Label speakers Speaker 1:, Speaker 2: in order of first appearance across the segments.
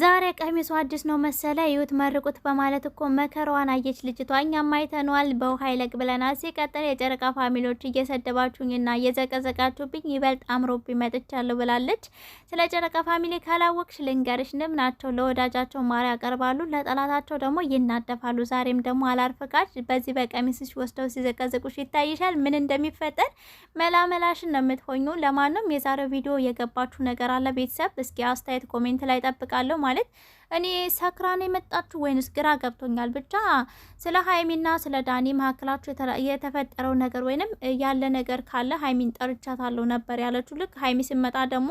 Speaker 1: ዛሬ ቀሚሱ አዲስ ነው መሰለ ይዩት መርቁት በማለት እኮ መከራዋን አየች ልጅቷ። እኛም አይተነዋል በውሃ ይለቅ ብለናል። ሲቀጥል የጨረቃ ፋሚሊዎች እየሰደባችሁኝና እየዘቀዘቃችሁብኝ ይበልጥ አምሮብኝ መጥቻለሁ ብላለች። ስለ ጨረቃ ፋሚሊ ካላወቅሽ ልንገርሽ፣ ንብ ናቸው። ለወዳጃቸው ማር ያቀርባሉ፣ ለጠላታቸው ደግሞ ይናደፋሉ። ዛሬም ደግሞ አላርፍቃች በዚህ በቀሚስሽ ወስደው ሲዘቀዘቁሽ ይታይሻል። ምን እንደሚፈጠር መላመላሽን ነው የምትሆኙ። ለማንም የዛሬው ቪዲዮ የገባችሁ ነገር አለ ቤተሰብ? እስኪ አስተያየት ኮሜንት ላይ ጠብቃለሁ። ማለት እኔ ሰክራን የመጣችሁ ወይንስ ግራ ገብቶኛል። ብቻ ስለ ሀይሚና ስለ ዳኒ መካከላችሁ የተፈጠረው ነገር ወይንም ያለ ነገር ካለ ሀይሚን ጠርቻታለሁ ነበር ያለችው። ልክ ሀይሚ ስመጣ ደግሞ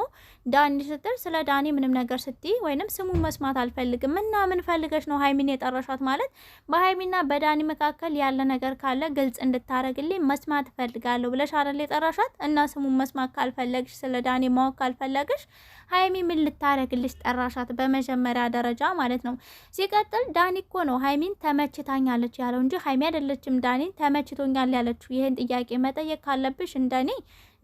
Speaker 1: ዳኒ ስትል ስለ ዳኒ ምንም ነገር ስትይ ወይንም ስሙን መስማት አልፈልግም እና ምን ፈልገሽ ነው ሀይሚን የጠረሻት? ማለት በሀይሚና በዳኒ መካከል ያለ ነገር ካለ ግልጽ እንድታረግልኝ መስማት እፈልጋለሁ ብለሽ አይደል እና ስሙን መስማት ካልፈለግሽ ስለ ዳኒ ማወቅ ካልፈለግሽ ሀይሚ ምን ልታረግልሽ ጠራሻት? በመጀመሪያ ደረጃ ማለት ነው። ሲቀጥል ዳኒ እኮ ነው ሀይሚን ተመችታኛለች ያለው እንጂ ሀይሚ አይደለችም ዳኒን ተመችቶኛል ያለችው። ይህን ጥያቄ መጠየቅ ካለብሽ እንደኔ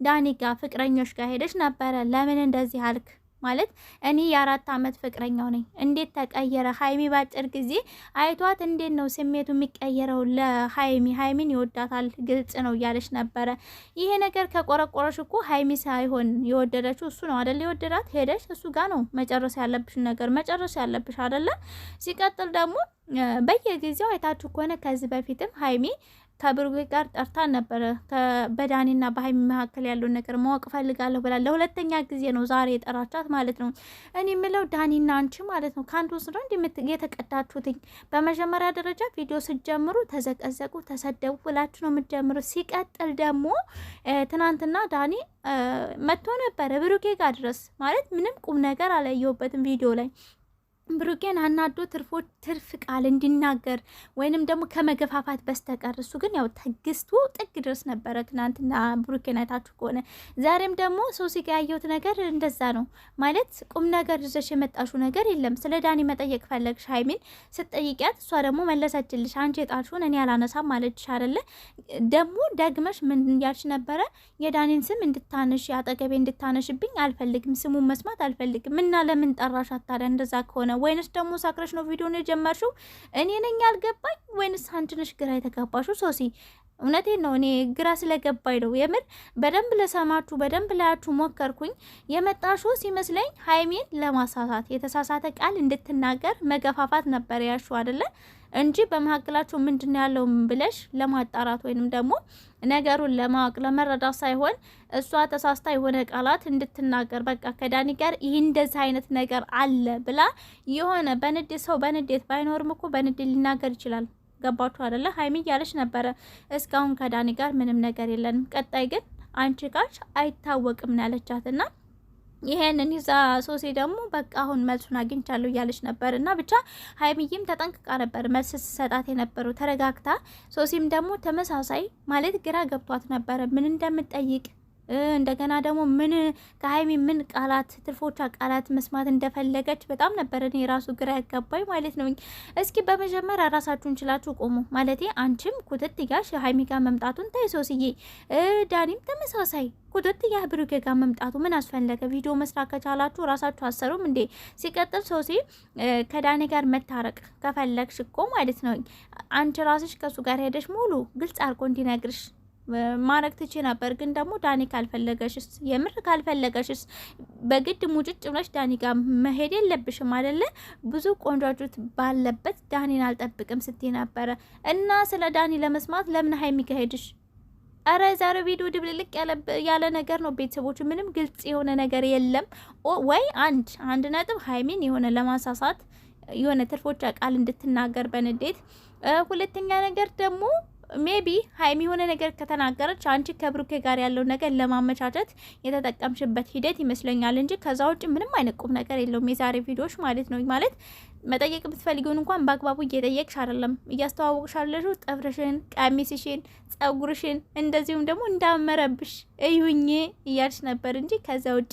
Speaker 1: ዳኒ ጋር ፍቅረኞች ጋር ሄደች ነበረ። ለምን እንደዚህ አልክ? ማለት እኔ የአራት ዓመት ፍቅረኛው ነኝ። እንዴት ተቀየረ? ሀይሚ ባጭር ጊዜ አይቷት እንዴት ነው ስሜቱ የሚቀየረው? ለሀይሚ ሀይሚን ይወዳታል፣ ግልጽ ነው እያለች ነበረ። ይሄ ነገር ከቆረቆረሽ እኮ ሀይሚ ሳይሆን የወደደችው እሱ ነው አደለ? የወደዳት ሄደሽ እሱ ጋር ነው መጨረስ ያለብሽ ነገር መጨረስ ያለብሽ አደለ? ሲቀጥል ደግሞ በየጊዜው አይታችሁ ከሆነ ከዚህ በፊትም ሀይሚ ከብሩኬ ጋር ጠርታ ነበረ። በዳኒና በሀይሚ መካከል ያለውን ነገር ማወቅ ፈልጋለሁ ብላ ለሁለተኛ ጊዜ ነው ዛሬ የጠራቻት ማለት ነው። እኔ የምለው ዳኒና አንቺ ማለት ነው ከአንድ ወስዶ እንዲ የተቀዳችሁትኝ። በመጀመሪያ ደረጃ ቪዲዮ ስጀምሩ ተዘቀዘቁ፣ ተሰደቡ ብላችሁ ነው የምትጀምሩ። ሲቀጥል ደግሞ ትናንትና ዳኒ መጥቶ ነበረ ብሩኬ ጋር ድረስ ማለት ምንም ቁም ነገር አላየሁበትም ቪዲዮ ላይ ብሩኬን አናዶ ትርፎ ትርፍ ቃል እንዲናገር ወይንም ደግሞ ከመገፋፋት በስተቀር እሱ ግን ያው ትግስቱ ጥግ ድረስ ነበረ። ትናንትና ብሩኬን አይታችሁ ከሆነ ዛሬም ደግሞ ሰው ጋ ያየሁት ነገር እንደዛ ነው ማለት ቁም ነገር ይዘሽ የመጣሹ ነገር የለም። ስለ ዳኒ መጠየቅ ፈለግሽ ሀይሚን ስትጠይቂያት እሷ ደግሞ መለሰችልሽ። አንቺ የጣልሽውን እኔ አላነሳም ማለትሽ አይደለ? ደግሞ ደግመሽ ምን ያልሽ ነበረ? የዳኒን ስም እንድታነሽ አጠገቤ እንድታነሽብኝ አልፈልግም፣ ስሙን መስማት አልፈልግም እና ለምን ጠራሽ ታዲያ እንደዛ ከሆነ ወይንስ ደግሞ ሳክረሽ ነው ቪዲዮን የጀመርሽው? እኔ ነኝ ያልገባኝ ወይንስ አንችንሽ ግራ የተጋባሽው? ሶሲ እውነቴን ነው። እኔ ግራ ስለገባኝ ነው የምር። በደንብ ለሰማችሁ በደንብ ላያችሁ ሞከርኩኝ። የመጣሽው ሲመስለኝ ሀይሜን ለማሳሳት የተሳሳተ ቃል እንድትናገር መገፋፋት ነበር ያልሽው አይደለ? እንጂ በመካከላቸው ምንድን ያለው ብለሽ ለማጣራት ወይንም ደግሞ ነገሩን ለማወቅ ለመረዳት ሳይሆን እሷ ተሳስታ የሆነ ቃላት እንድትናገር በቃ ከዳኒ ጋር ይህ እንደዚህ አይነት ነገር አለ ብላ የሆነ በንዴት ሰው በንዴት ባይኖርም እኮ በንዴት ሊናገር ይችላል። ገባችሁ አደለ? ሀይሚ እያለች ነበረ እስካሁን ከዳኒ ጋር ምንም ነገር የለንም፣ ቀጣይ ግን አንቺ ጋር አይታወቅም ያለቻትና ይሄንን ይዛ ሶሴ ደግሞ በቃ አሁን መልሱን አግኝቻለሁ እያለች ነበር። እና ብቻ ሀይሚዬም ተጠንቅቃ ነበር መልስ ስሰጣት የነበረው ተረጋግታ። ሶሴም ደግሞ ተመሳሳይ ማለት ግራ ገብቷት ነበረ ምን እንደምጠይቅ እንደገና ደግሞ ምን ከሀይሚ ምን ቃላት ትርፎቿ ቃላት መስማት እንደፈለገች በጣም ነበር እኔ ራሱ ግራ ያጋባኝ ማለት ነው። እስኪ በመጀመሪያ ራሳችሁን ችላችሁ ቆሙ። ማለት አንቺም ኩትት ያሽ ሀይሚ ጋር መምጣቱን ተይ ሶስዬ፣ ዳኒም ተመሳሳይ ያህ የብሩኬ ጋር መምጣቱ ምን አስፈለገ? ቪዲዮ መስራት ከቻላችሁ ራሳችሁ አሰሩም እንዴ? ሲቀጥል ሰው ከዳኔ ጋር መታረቅ ከፈለግሽ እኮ ማለት ነው አንቺ ራስሽ ከሱ ጋር ሄደሽ ሙሉ ግልጽ አርቆ እንዲነግርሽ ማድረግ ትች ነበር። ግን ደግሞ ዳኒ ካልፈለገሽስ፣ የምር ካልፈለገሽስ በግድ ሙጭጭ ብለሽ ዳኒ ጋር መሄድ የለብሽም አይደለ? ብዙ ቆንጆቹት ባለበት ዳኒን አልጠብቅም ስትይ ነበረ። እና ስለ ዳኒ ለመስማት ለምን ሀይሚ ከሄድሽ? አረ ዛሬ ቪዲዮ ድብልቅልቅ ያለ ነገር ነው። ቤተሰቦቹ ምንም ግልጽ የሆነ ነገር የለም ወይ አንድ አንድ ነጥብ ሀይሚን የሆነ ለማሳሳት የሆነ ትርፎች ቃል እንድትናገር በንዴት ሁለተኛ ነገር ደግሞ ሜቢ ሀይሚ የሆነ ነገር ከተናገረች አንቺ ከብሩኬ ጋር ያለው ነገር ለማመቻቸት የተጠቀምሽበት ሂደት ይመስለኛል እንጂ ከዛ ውጭ ምንም አይነት ቁም ነገር የለውም የዛሬ ቪዲዮዎች ማለት ነው ማለት መጠየቅ የምትፈልጊውን እንኳን በአግባቡ እየጠየቅሽ አይደለም፣ እያስተዋወቅሽ አለሽ። ጠፍርሽን፣ ቀሚስሽን፣ ጸጉርሽን እንደዚሁም ደግሞ እንዳመረብሽ እዩኝ እያልሽ ነበር እንጂ ከዛ ውጭ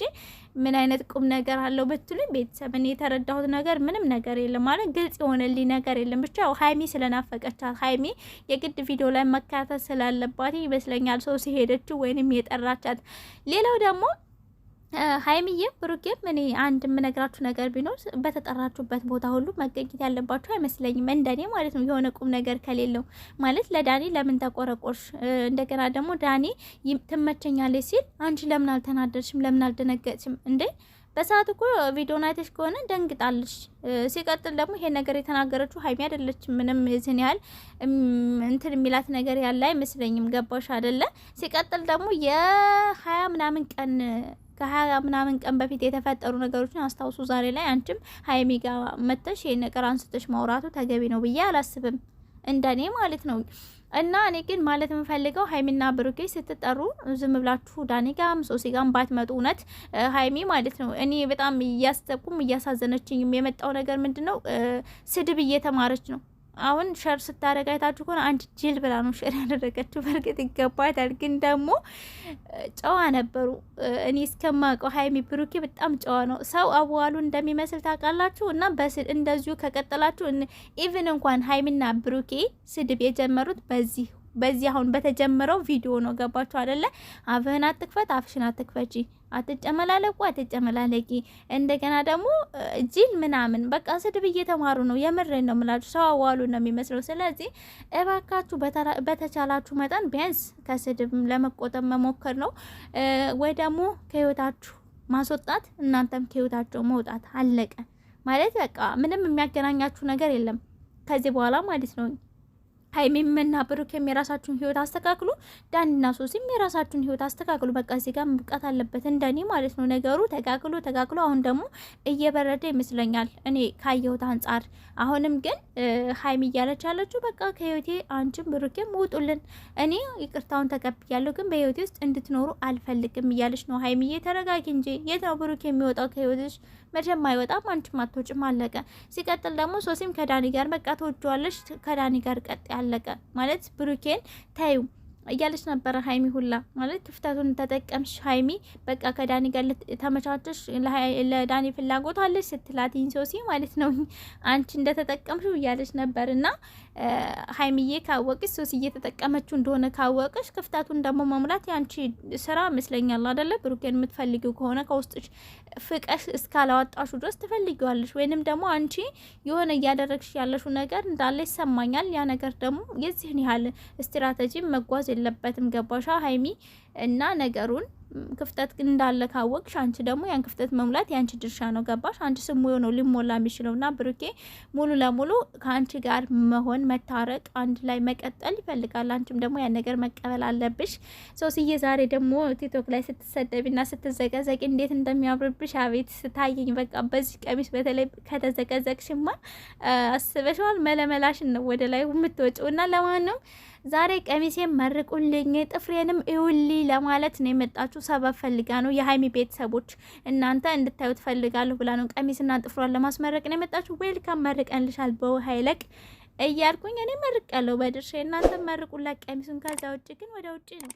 Speaker 1: ምን አይነት ቁም ነገር አለው ብትሉኝ ቤተሰብን የተረዳሁት ነገር ምንም ነገር የለም ማለት ግልጽ የሆነልኝ ነገር የለም። ብቻ ሀይሚ ስለናፈቀቻት ሀይሚ የግድ ቪዲዮ ላይ መካተት ስላለባት ይመስለኛል ሰው ሲሄደችው ወይንም የጠራቻት ሌላው ደግሞ ሀይሚዬም ብሩኬም እኔ አንድ የምነግራችሁ ነገር ቢኖር በተጠራችሁበት ቦታ ሁሉ መገኘት ያለባችሁ አይመስለኝም። እንደኔ ማለት ነው። የሆነ ቁም ነገር ከሌለው ማለት ለዳኒ ለምን ተቆረቆርሽ፣ እንደገና ደግሞ ዳኒ ትመቸኛለች ሲል አንቺ ለምን አልተናደርሽም ለምን አልደነገጥሽም እንዴ? በሰዓት እኮ ቪዲዮን ናይተሽ ከሆነ ደንግጣለች። ሲቀጥል ደግሞ ይሄ ነገር የተናገረችው ሀይሚ አይደለች። ምንም ዝን ያህል እንትን የሚላት ነገር ያለ አይመስለኝም። ገባሽ አይደለ? ሲቀጥል ደግሞ የሀያ ምናምን ቀን ከሀያ ምናምን ቀን በፊት የተፈጠሩ ነገሮችን አስታውሱ። ዛሬ ላይ አንቺም ሀይሚ ጋ መተሽ ይህን ነገር አንስተሽ ማውራቱ ተገቢ ነው ብዬ አላስብም፣ እንደኔ ማለት ነው። እና እኔ ግን ማለት የምፈልገው ሀይሚና ብሩኬ ስትጠሩ ዝም ብላችሁ ዳኔ ጋም ሶሲ ጋም ባትመጡ እውነት ሀይሚ ማለት ነው። እኔ በጣም እያሰብኩም እያሳዘነችኝም የመጣው ነገር ምንድን ነው፣ ስድብ እየተማረች ነው አሁን ሸር ስታደረግ አይታችሁ ከሆነ አንድ ጅል ብላ ነው ሸር ያደረገችው። በእርግጥ ይገባታል፣ ግን ደግሞ ጨዋ ነበሩ። እኔ እስከማውቀው ሀይሚ ብሩኬ በጣም ጨዋ ነው። ሰው አዋሉ እንደሚመስል ታውቃላችሁ። እና በስድ እንደዚሁ ከቀጠላችሁ ኢቭን እንኳን ሀይሚና ብሩኬ ስድብ የጀመሩት በዚህ በዚህ አሁን በተጀመረው ቪዲዮ ነው። ገባችሁ አይደለ? አፍህን አትክፈት፣ አፍሽን አትክፈቺ፣ አትጨመላለቁ፣ አትጨመላለቂ። እንደገና ደግሞ ጅል ምናምን በቃ ስድብ እየተማሩ ነው። የምሬን ነው የምላችሁ። ሰው አዋሉ ነው የሚመስለው። ስለዚህ እባካችሁ በተቻላችሁ መጠን ቢያንስ ከስድብ ለመቆጠብ መሞከር ነው ወይ ደግሞ ከህይወታችሁ ማስወጣት፣ እናንተም ከህይወታቸው መውጣት። አለቀ ማለት በቃ ምንም የሚያገናኛችሁ ነገር የለም ከዚህ በኋላ ማለት ነው። ሀይሚምና እና ብሩኬም የራሳችሁን ህይወት አስተካክሉ። ዳንና ሶሲም የራሳችሁን ህይወት አስተካክሉ። በቃ እዚህ ጋር ምብቃት አለበት፣ እንደኔ ማለት ነው። ነገሩ ተጋግሎ ተጋግሎ አሁን ደግሞ እየበረደ ይመስለኛል እኔ ካየሁት አንጻር። አሁንም ግን ሀይሚ እያለች ያለችው በቃ ከህይወቴ አንቺም ብሩኬም ውጡልን፣ እኔ ይቅርታውን ተቀብያለሁ፣ ግን በህይወቴ ውስጥ እንድትኖሩ አልፈልግም እያለች ነው። ሀይሚዬ ተረጋጊ እንጂ የት ነው ብሩኬ የሚወጣው ከህይወትሽ? መቼም አይወጣም፣ አንቺም አትወጭም፣ አለቀ። ሲቀጥል ደግሞ ሶሲም ከዳኒ ጋር በቃ ተወጇዋለች፣ ከዳኒ ጋር ቀጥ አለቀ ማለት ብሩኬን ታዩ እያለች ነበረ ሀይሚ ሁላ ማለት ክፍተቱን ተጠቀምሽ ሀይሚ በቃ ከዳኒ ጋር ተመቻቸሽ ለዳኒ ፍላጎት አለች ስትላት ኢንሶሲ ማለት ነው አንቺ እንደተጠቀምሽው እያለች ነበር እና ሀይሚዬ ካወቅሽ ሶሲ እየተጠቀመችው እንደሆነ ካወቅሽ ክፍተቱን ደግሞ መሙላት የአንቺ ስራ ይመስለኛል አደለ ብሩኬን የምትፈልጊው ከሆነ ከውስጥሽ ፍቀሽ እስካላወጣሹ ድረስ ትፈልጊዋለሽ ወይንም ደግሞ አንቺ የሆነ እያደረግሽ ያለሹ ነገር እንዳለ ይሰማኛል ያ ነገር ደግሞ የዚህን ያህል ስትራቴጂ መጓዝ የለበትም። ገባሻ ሀይሚ? እና ነገሩን ክፍተት እንዳለ ካወቅሽ አንቺ ደግሞ ያን ክፍተት መሙላት የአንቺ ድርሻ ነው። ገባሽ? አንቺ ስሙ የሆነው ሊሞላ የሚችለው እና ብሩኬ ሙሉ ለሙሉ ከአንቺ ጋር መሆን መታረቅ፣ አንድ ላይ መቀጠል ይፈልጋል። አንቺም ደግሞ ያን ነገር መቀበል አለብሽ። ሶስዬ ዛሬ ደግሞ ቲክቶክ ላይ ስትሰደቢና ስትዘቀዘቂ እንዴት እንደሚያምርብሽ አቤት ስታየኝ፣ በቃ በዚህ ቀሚስ በተለይ ከተዘቀዘቅሽማ አስበሽዋል። መለመላሽን ነው ወደ ላይ የምትወጪው እና ለማንም ዛሬ ቀሚሴን መርቁልኝ፣ ጥፍሬንም እውሊ ለማለት ነው የመጣችሁ። ሰበብ ፈልጋ ነው የሀይሚ ቤተሰቦች እናንተ እንድታዩት ፈልጋለሁ ብላ ነው ቀሚስና ጥፍሯን ለማስመረቅ ነው የመጣችሁ። ዌልካም መርቀንልሻል፣ በውሃ ይለቅ እያልኩኝ እኔ መርቅ ያለው በድርሻ እናንተ መርቁላት ቀሚሱን። ከዛ ውጭ ግን ወደ ውጭ ነው